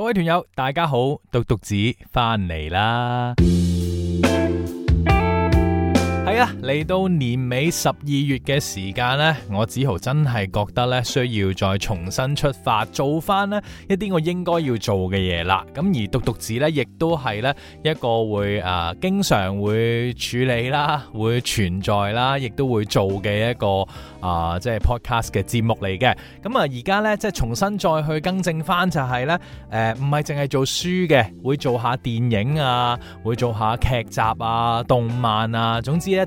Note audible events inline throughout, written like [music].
各位團友，大家好，獨讀子返嚟啦！嚟到年尾十二月嘅時間咧，我梓豪真係覺得咧，需要再重新出發，做翻咧一啲我應該要做嘅嘢啦。咁而獨讀子咧，亦都係咧一個會誒、呃、經常會處理啦，會存在啦，亦都會做嘅一個啊、呃，即係 podcast 嘅節目嚟嘅。咁、嗯、啊，而家咧即係重新再去更正翻、就是，就係咧誒，唔係淨係做書嘅，會做下電影啊，會做下劇集啊、動漫啊，總之咧。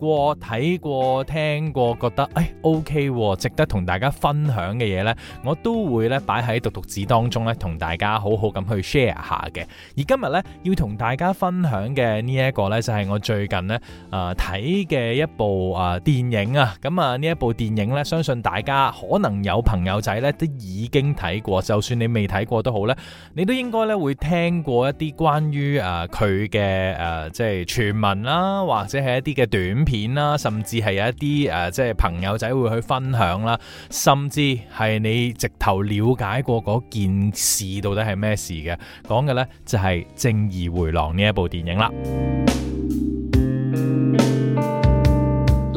過睇過聽過覺得誒 O K 值得同大家分享嘅嘢呢，我都會咧擺喺獨讀子當中咧，同大家好好咁去 share 下嘅。而今日呢，要同大家分享嘅呢一個呢，就係、是、我最近咧誒睇嘅一部誒、呃、電影啊。咁啊呢一部電影呢，相信大家可能有朋友仔呢，都已經睇過，就算你未睇過都好咧，你都應該咧會聽過一啲關於誒佢嘅誒即係傳聞啦，或者係一啲嘅短片。片啦，甚至係有一啲誒、啊，即係朋友仔會去分享啦，甚至係你直頭了解過嗰件事到底係咩事嘅，講嘅呢就係、是《正義回廊》呢一部電影啦。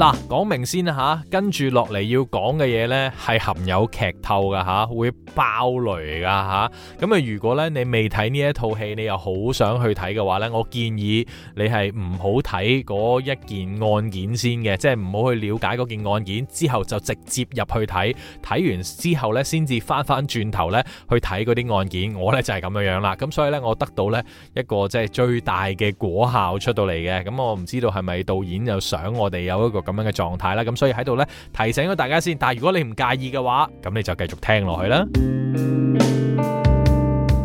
嗱，講、啊、明先啦，跟住落嚟要講嘅嘢呢，係含有劇透噶嚇、啊，會爆雷噶嚇。咁啊，如果呢，你未睇呢一套戲，你又好想去睇嘅話呢，我建議你係唔好睇嗰一件案件先嘅，即係唔好去了解嗰件案件之後就直接入去睇。睇完之後呢，先至翻翻轉頭呢，去睇嗰啲案件。我呢就係、是、咁樣樣啦。咁所以呢，我得到呢一個即係最大嘅果效出到嚟嘅。咁我唔知道係咪導演又想我哋有一個咁。咁樣嘅狀態啦，咁所以喺度呢提醒咗大家先。但係如果你唔介意嘅話，咁你就繼續聽落去啦。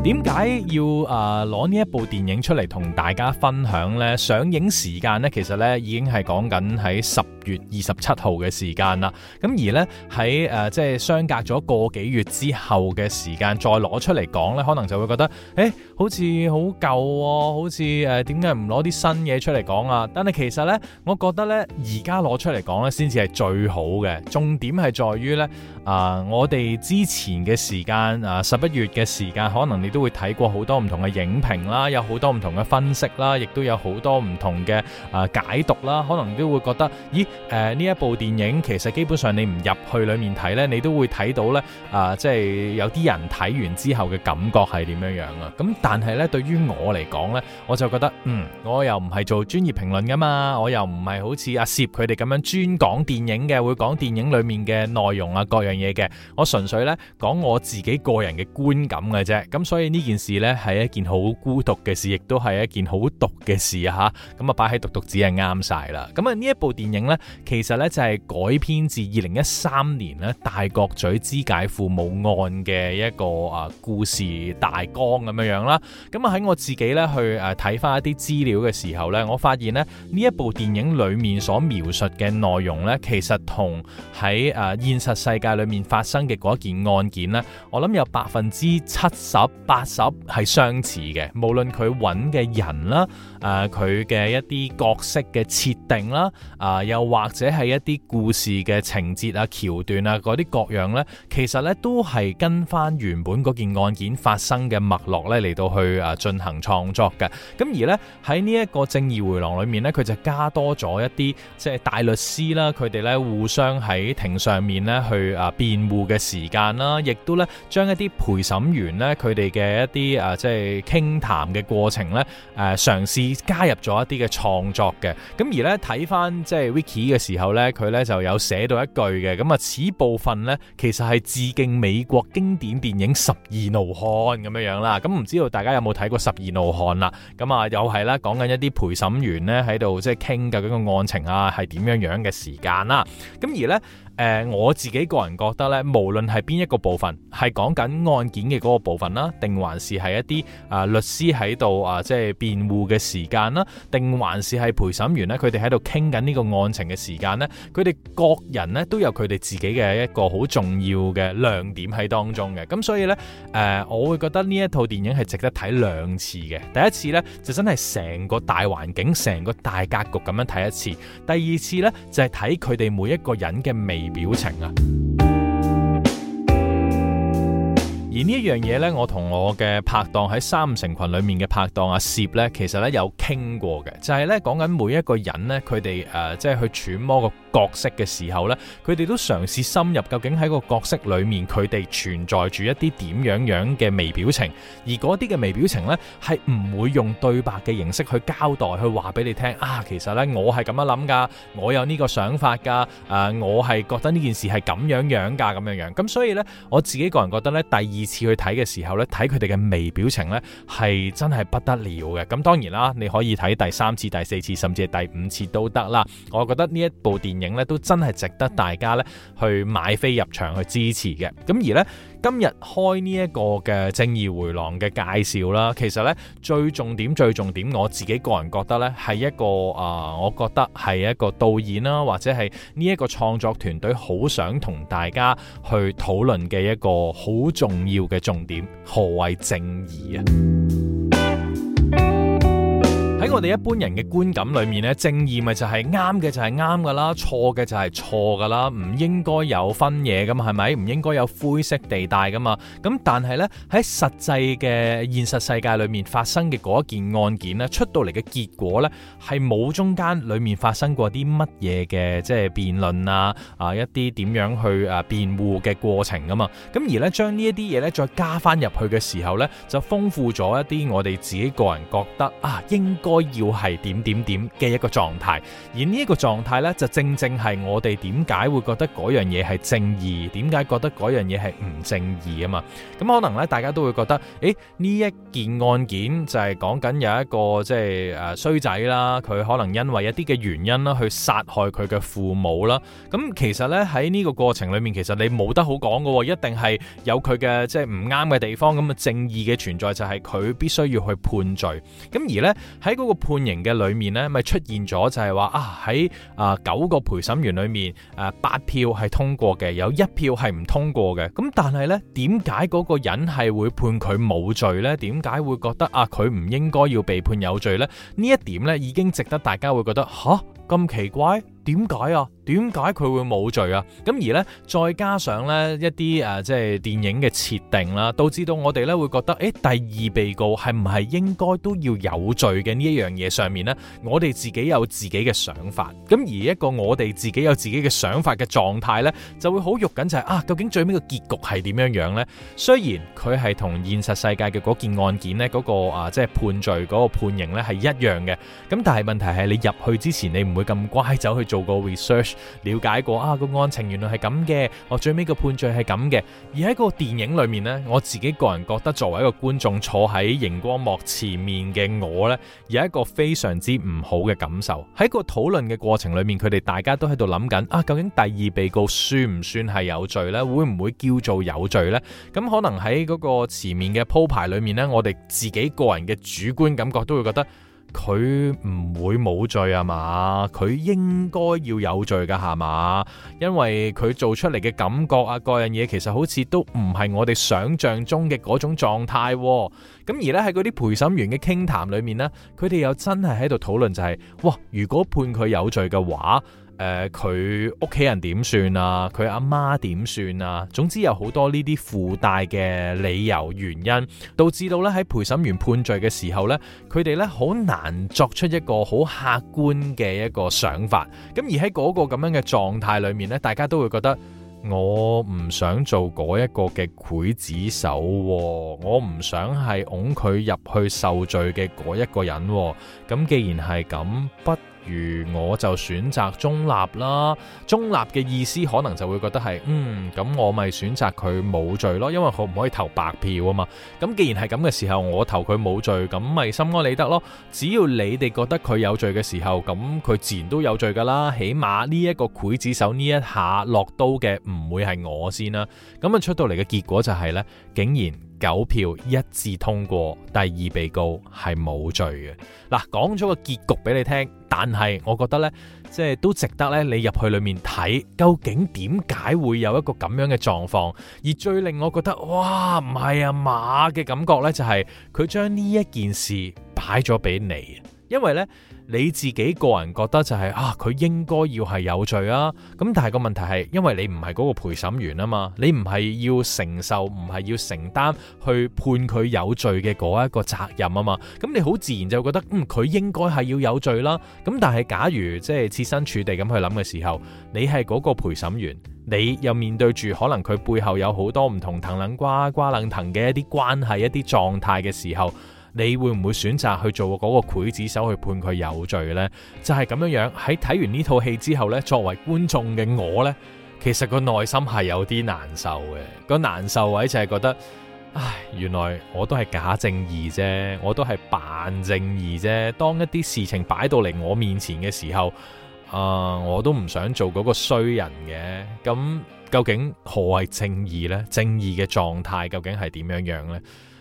點解 [music] 要誒攞呢一部電影出嚟同大家分享呢？上映時間呢，其實呢已經係講緊喺十。月二十七號嘅時間啦，咁而呢，喺誒、呃、即係相隔咗個幾月之後嘅時間再攞出嚟講呢，可能就會覺得誒好似好舊，好似誒點解唔攞啲新嘢出嚟講啊？但係其實呢，我覺得呢，而家攞出嚟講呢，先至係最好嘅。重點係在於呢，啊、呃、我哋之前嘅時間啊十一月嘅時間，可能你都會睇過好多唔同嘅影評啦，有好多唔同嘅分析啦，亦都有好多唔同嘅啊、呃、解讀啦，可能都會覺得咦。誒呢一部電影其實基本上你唔入去裡面睇呢，你都會睇到呢，啊、呃！即係有啲人睇完之後嘅感覺係點樣樣啊？咁、嗯、但係呢，對於我嚟講呢，我就覺得嗯，我又唔係做專業評論㗎嘛，我又唔係好似阿攝佢哋咁樣專講電影嘅，會講電影裡面嘅內容啊，各樣嘢嘅，我純粹呢，講我自己個人嘅觀感嘅啫。咁、嗯、所以呢件事呢，係一件好孤獨嘅事，亦都係一件好獨嘅事啊！嚇咁啊，擺、嗯、喺獨讀子係啱晒啦。咁、嗯、啊，呢一部電影呢。其實咧就係改編自二零一三年咧大角咀肢解父母案嘅一個啊故事大綱咁樣樣啦。咁啊喺我自己咧去誒睇翻一啲資料嘅時候咧，我發現呢，呢一部電影裏面所描述嘅內容咧，其實同喺誒現實世界裏面發生嘅嗰件案件咧，我諗有百分之七十八十係相似嘅。無論佢揾嘅人啦，誒佢嘅一啲角色嘅設定啦，啊、呃、又。或者係一啲故事嘅情節啊、橋段啊、啲各樣咧，其實咧都係跟翻原本嗰件案件發生嘅脈絡咧嚟到去啊進行創作嘅。咁而咧喺呢一個正義回廊裏面咧，佢就加多咗一啲即係大律師啦，佢哋咧互相喺庭上面咧去啊辯護嘅時間啦，亦都咧將一啲陪審員咧佢哋嘅一啲誒、啊、即係傾談嘅過程咧，誒嘗試加入咗一啲嘅創作嘅。咁而咧睇翻即係 Wiki。嘅時候呢，佢呢就有寫到一句嘅，咁啊此部分呢其實係致敬美國經典電影《十二怒漢》咁樣樣啦。咁唔知道大家有冇睇過《十二怒漢》啦？咁啊又係啦，講緊一啲陪審員呢喺度即係傾究竟個案情啊，係點樣樣嘅時間啦。咁而呢。誒、呃、我自己個人覺得咧，無論係邊一個部分，係講緊案件嘅嗰個部分啦，定還是係一啲啊、呃、律師喺度啊即係辯護嘅時間啦，定還是係陪審員咧佢哋喺度傾緊呢個案情嘅時間呢，佢哋各人呢都有佢哋自己嘅一個好重要嘅亮點喺當中嘅，咁所以呢，誒、呃，我會覺得呢一套電影係值得睇兩次嘅。第一次呢，就真係成個大環境、成個大格局咁樣睇一次，第二次呢，就係睇佢哋每一個人嘅微表情啊！而呢一樣嘢呢，我同我嘅拍檔喺三成群裡面嘅拍檔阿攝呢，其實呢有傾過嘅，就係呢，講緊每一個人呢，佢哋誒即係去揣摩個角色嘅時候呢，佢哋都嘗試深入究竟喺個角色裡面佢哋存在住一啲點樣樣嘅微表情，而嗰啲嘅微表情呢，係唔會用對白嘅形式去交代去話俾你聽啊，其實呢，我係咁樣諗㗎，我有呢個想法㗎，誒我係覺得呢件事係咁樣樣㗎咁樣樣，咁所以呢，我自己個人覺得呢。第二。二次去睇嘅時候呢，睇佢哋嘅微表情呢，係真係不得了嘅。咁當然啦，你可以睇第三次、第四次，甚至係第五次都得啦。我覺得呢一部電影呢都真係值得大家呢去買飛入場去支持嘅。咁而呢。今日開呢一個嘅正義迴廊嘅介紹啦，其實呢，最重點最重點，我自己個人覺得呢係一個啊、呃，我覺得係一個導演啦，或者係呢一個創作團隊好想同大家去討論嘅一個好重要嘅重點，何謂正義啊？我哋一般人嘅觀感裏面呢，正義咪就係啱嘅就係啱㗎啦，錯嘅就係錯㗎啦，唔應該有分嘢㗎嘛，係咪？唔應該有灰色地帶㗎嘛？咁但係呢，喺實際嘅現實世界裏面發生嘅嗰一件案件呢，出到嚟嘅結果呢，係冇中間裏面發生過啲乜嘢嘅即係辯論啊，啊一啲點樣去啊辯護嘅過程㗎嘛？咁而呢，將呢一啲嘢呢，再加返入去嘅時候呢，就豐富咗一啲我哋自己個人覺得啊應該，要係點點點嘅一個狀態，而狀態呢一個狀態咧，就正正係我哋點解會覺得嗰樣嘢係正義，點解覺得嗰樣嘢係唔正義啊？嘛，咁可能呢，大家都會覺得，誒、欸，呢一件案件就係講緊有一個即係誒衰仔啦，佢可能因為一啲嘅原因啦，去殺害佢嘅父母啦。咁其實呢，喺呢個過程裏面，其實你冇得好講噶、哦，一定係有佢嘅即係唔啱嘅地方。咁啊正義嘅存在就係佢必須要去判罪。咁而呢，喺嗰、嗰個。判刑嘅裏面呢，咪出現咗就係、是、話啊喺啊、呃、九個陪審員裏面，誒、呃、八票係通過嘅，有一票係唔通過嘅。咁但係呢點解嗰個人係會判佢冇罪呢？點解會覺得啊，佢唔應該要被判有罪呢？呢一點呢已經值得大家會覺得吓，咁奇怪，點解啊？點解佢會冇罪啊？咁而呢，再加上呢一啲誒、啊，即係電影嘅設定啦，導致到我哋呢會覺得，誒、欸、第二被告係唔係應該都要有罪嘅呢一樣嘢上面呢，我哋自己有自己嘅想法。咁而一個我哋自己有自己嘅想法嘅狀態呢，就會好肉緊就係、是、啊，究竟最尾個結局係點樣樣呢？雖然佢係同現實世界嘅嗰件案件呢，嗰、那個啊，即係判罪嗰個判刑呢係一樣嘅，咁但係問題係你入去之前你唔會咁乖走去做個 research。了解過啊、個案情原來係咁嘅，我、啊、最尾個判罪係咁嘅，而喺個電影裏面呢，我自己個人覺得，作為一個觀眾坐喺熒光幕前面嘅我呢，有一個非常之唔好嘅感受。喺個討論嘅過程裏面，佢哋大家都喺度諗緊「啊，究竟第二被告算唔算係有罪呢？會唔會叫做有罪呢？」咁可能喺嗰個前面嘅鋪排裏面呢，我哋自己個人嘅主觀感覺都會覺得。佢唔會冇罪吖嘛？佢應該要有罪噶係嘛？因為佢做出嚟嘅感覺啊，各樣嘢其實好似都唔係我哋想象中嘅嗰種狀態啊。咁而呢，喺嗰啲陪審員嘅傾談裏面呢，佢哋又真係喺度討論就係，哇！如果判佢有罪嘅話。誒，佢屋企人點算啊？佢阿媽點算啊？總之有好多呢啲附帶嘅理由原因，導致到咧，喺陪審員判罪嘅時候呢，佢哋呢好難作出一個好客觀嘅一個想法。咁而喺嗰個咁樣嘅狀態裏面呢，大家都會覺得我唔想做嗰一個嘅劊子手，哦，我唔想係擁佢入去受罪嘅嗰一個人，哦。咁既然係咁不，如我就選擇中立啦，中立嘅意思可能就會覺得係嗯咁，我咪選擇佢冇罪咯，因為可唔可以投白票吖嘛。咁，既然係咁嘅時候，我投佢冇罪咁，咪心安理得咯。只要你哋覺得佢有罪嘅時候，咁佢自然都有罪㗎啦。起碼呢一個劊子手呢一下落刀嘅唔會係我先啦。咁啊出到嚟嘅結果就係呢：竟然九票一致通過，第二被告係冇罪嘅嗱。講咗個結局俾你聽。但係，我覺得呢，即係都值得咧，你入去裡面睇，究竟點解會有一個咁樣嘅狀況？而最令我覺得，哇，唔係啊嘛嘅感覺呢，就係佢將呢一件事擺咗俾你，因為呢。你自己個人覺得就係、是、啊，佢應該要係有罪啊。咁但係個問題係，因為你唔係嗰個陪審員啊嘛，你唔係要承受，唔係要承擔去判佢有罪嘅嗰一個責任啊嘛。咁、嗯、你好自然就覺得，嗯，佢應該係要有罪啦、啊。咁但係假如即係設身處地咁去諗嘅時候，你係嗰個陪審員，你又面對住可能佢背後有好多唔同騰冷瓜瓜冷騰嘅一啲關係、一啲狀態嘅時候，你會唔會選擇去做嗰個劊子手去判佢有罪呢？就係咁樣樣。喺睇完呢套戲之後呢，作為觀眾嘅我呢，其實個內心係有啲難受嘅。個難受位就係覺得，唉，原來我都係假正義啫，我都係扮正義啫。當一啲事情擺到嚟我面前嘅時候，啊、呃，我都唔想做嗰個衰人嘅。咁究竟何謂正義呢？正義嘅狀態究竟係點樣樣呢？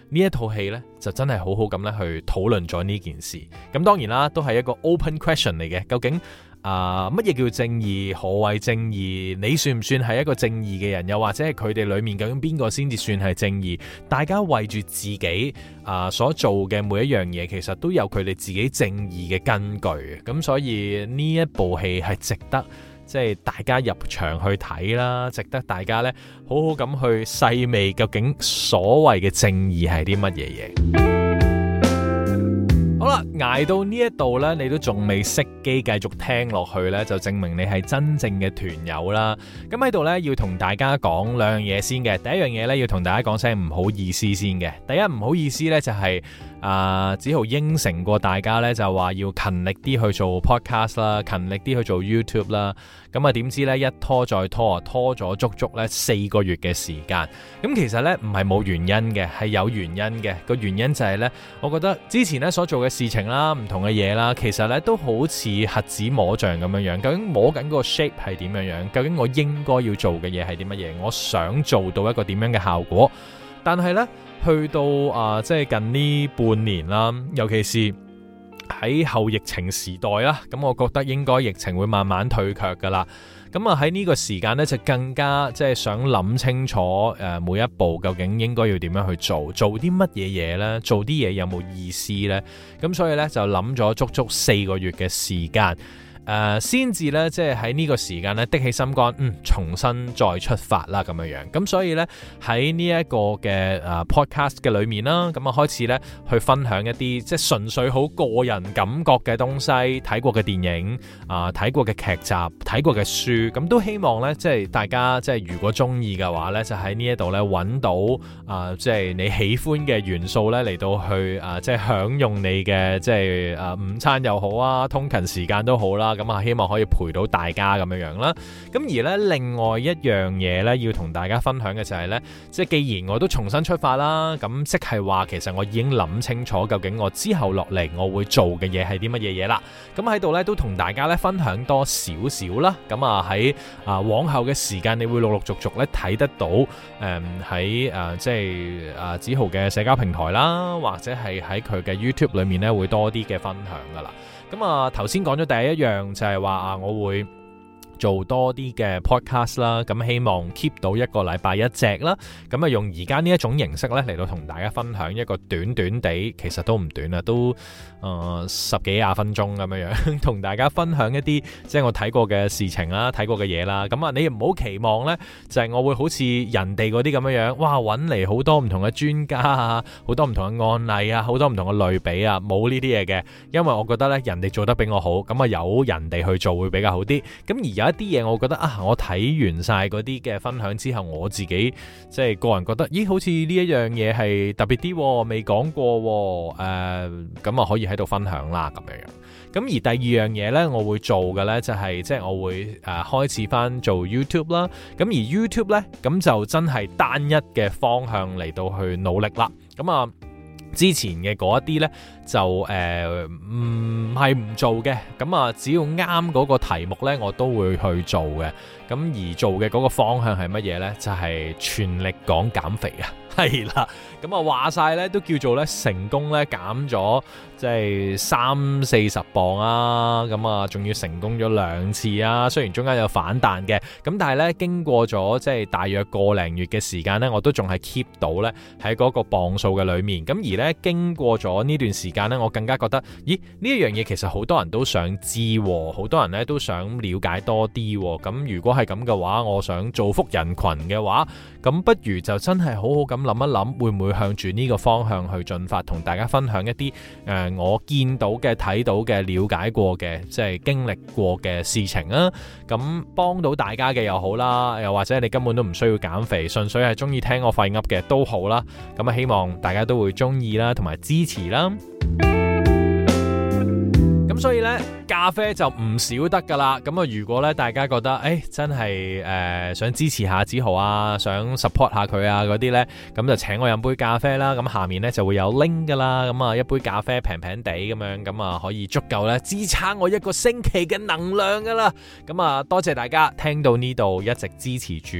呢一套戲呢，就真係好好咁咧去討論咗呢件事。咁當然啦，都係一個 open question 嚟嘅。究竟啊，乜、呃、嘢叫正義？何謂正義？你算唔算係一個正義嘅人？又或者係佢哋裏面究竟邊個先至算係正義？大家為住自己啊、呃、所做嘅每一樣嘢，其實都有佢哋自己正義嘅根據。咁所以呢一部戲係值得。即係大家入場去睇啦，值得大家呢好好咁去細味究竟所謂嘅正義係啲乜嘢嘢。 [music] 好啦，捱到呢一度呢，你都仲未熄機繼續聽落去呢，就證明你係真正嘅團友啦。咁喺度呢，要同大家講兩樣嘢先嘅，第一樣嘢呢，要同大家講聲唔好意思先嘅，第一唔好意思呢，就係、是。啊，梓豪、uh, 應承過大家咧，就話要勤力啲去做 podcast 啦，勤力啲去做 YouTube 啦。咁啊，點知咧一拖再拖，拖咗足足咧四個月嘅時間。咁其實咧唔係冇原因嘅，係有原因嘅。原因嗰個原因就係咧，我覺得之前咧所做嘅事情啦，唔同嘅嘢啦，其實咧都好似核子摸象咁樣樣。究竟摸緊嗰個 shape 係點樣樣？究竟我應該要做嘅嘢係啲乜嘢？我想做到一個點樣嘅效果，但係咧。去到啊、呃，即係近呢半年啦，尤其是喺後疫情時代啦，咁、嗯、我覺得應該疫情會慢慢退卻噶啦。咁啊喺呢個時間呢，就更加即係想諗清楚誒、呃，每一步究竟應該要點樣去做，做啲乜嘢嘢呢？做啲嘢有冇意思呢？咁、嗯、所以呢，就諗咗足足四個月嘅時間。誒先至咧，即係喺呢個時間咧，的起心肝，嗯，重新再出發啦咁樣樣。咁所以呢，喺呢一個嘅誒、uh, podcast 嘅裡面啦，咁、嗯、啊開始呢，去分享一啲即係純粹好個人感覺嘅東西，睇過嘅電影啊，睇、呃、過嘅劇集，睇過嘅書。咁、嗯、都希望呢，即係大家即係如果中意嘅話呢，就喺呢一度呢，揾到啊、呃，即係你喜歡嘅元素呢，嚟到去啊，即係享用你嘅即係誒、啊、午餐又好啊，通勤時間都好啦。啊咁啊，希望可以陪到大家咁樣樣啦。咁而呢另外一樣嘢呢，要同大家分享嘅就係呢。即係既然我都重新出發啦，咁即係話其實我已經諗清楚，究竟我之後落嚟我會做嘅嘢係啲乜嘢嘢啦。咁喺度呢，都同大家呢分享多少少啦。咁啊喺啊往後嘅時間，你會陸陸續續呢睇得到誒喺誒即係誒、啊、子豪嘅社交平台啦，或者係喺佢嘅 YouTube 裏面呢，會多啲嘅分享㗎喇。咁啊，頭先講咗第一樣就係話啊，我會。做多啲嘅 podcast 啦，咁希望 keep 到一個禮拜一隻啦，咁啊用而家呢一種形式咧嚟到同大家分享一個短短地，其實都唔短啊，都誒、呃、十幾廿分鐘咁樣樣同 [laughs] 大家分享一啲即係我睇過嘅事情啦，睇過嘅嘢啦，咁啊你唔好期望咧，就係、是、我會好似人哋啲咁樣樣哇揾嚟好多唔同嘅專家啊，好多唔同嘅案例啊，好多唔同嘅類比啊，冇呢啲嘢嘅，因為我覺得咧人哋做得比我好，咁啊有人哋去做會比較好啲，咁而家。一啲嘢，我覺得啊，我睇完晒嗰啲嘅分享之後，我自己即係個人覺得，咦，好似呢一樣嘢係特別啲、哦，未講過喎、哦，誒、呃，咁啊可以喺度分享啦，咁樣樣。咁而第二樣嘢呢，我會做嘅呢，就係、是、即係我會誒、呃、開始翻做 YouTube 啦。咁而 YouTube 呢，咁就真係單一嘅方向嚟到去努力啦。咁、嗯、啊～之前嘅嗰一啲呢，就誒唔係唔做嘅，咁啊只要啱嗰個題目呢，我都會去做嘅。咁而做嘅嗰個方向係乜嘢呢？就係、是、全力講減肥啊！係 [laughs] 啦，咁啊話晒呢都叫做呢成功呢減咗。即係三四十磅啊，咁啊仲要成功咗兩次啊，雖然中間有反彈嘅，咁但係呢，經過咗即係大約個零月嘅時間呢，我都仲係 keep 到呢喺嗰個磅數嘅裏面。咁而呢，經過咗呢段時間呢，我更加覺得，咦呢一樣嘢其實好多人都想知、啊，好多人呢都想了解多啲、啊。咁如果係咁嘅話，我想造福人群嘅話，咁不如就真係好好咁諗一諗，會唔會向住呢個方向去進發，同大家分享一啲誒，呃我見到嘅、睇到嘅、了解過嘅、即係經歷過嘅事情啦、啊。咁幫到大家嘅又好啦，又或者你根本都唔需要減肥，純粹係中意聽我廢噏嘅都好啦。咁啊，希望大家都會中意啦，同埋支持啦。所以咧，咖啡就唔少得噶啦。咁啊，如果咧大家覺得誒、欸、真係誒、呃、想支持下梓豪啊，想 support 下佢啊啲咧，咁就請我飲杯咖啡啦。咁下面咧就會有 link 噶啦。咁啊，一杯咖啡平平地咁樣，咁啊可以足夠咧支撐我一個星期嘅能量噶啦。咁啊，多謝大家聽到呢度一直支持住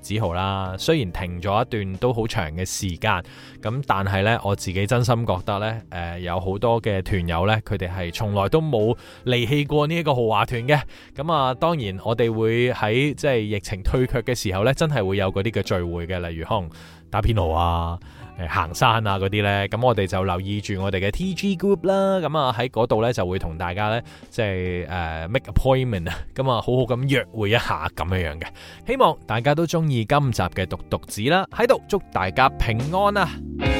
梓豪啦。雖然停咗一段都好長嘅時間，咁但係咧我自己真心覺得咧，誒、呃、有好多嘅團友咧，佢哋係從來都都冇離棄過呢一個豪華團嘅，咁啊，當然我哋會喺即係疫情退卻嘅時候呢，真係會有嗰啲嘅聚會嘅，例如可能打邊爐啊、誒行山啊嗰啲呢。咁我哋就留意住我哋嘅 TG Group 啦，咁啊喺嗰度呢，就會同大家呢，即係誒 make appointment 啊，咁啊好好咁約會一下咁樣樣嘅，希望大家都中意今集嘅獨讀子啦，喺度祝大家平安啊！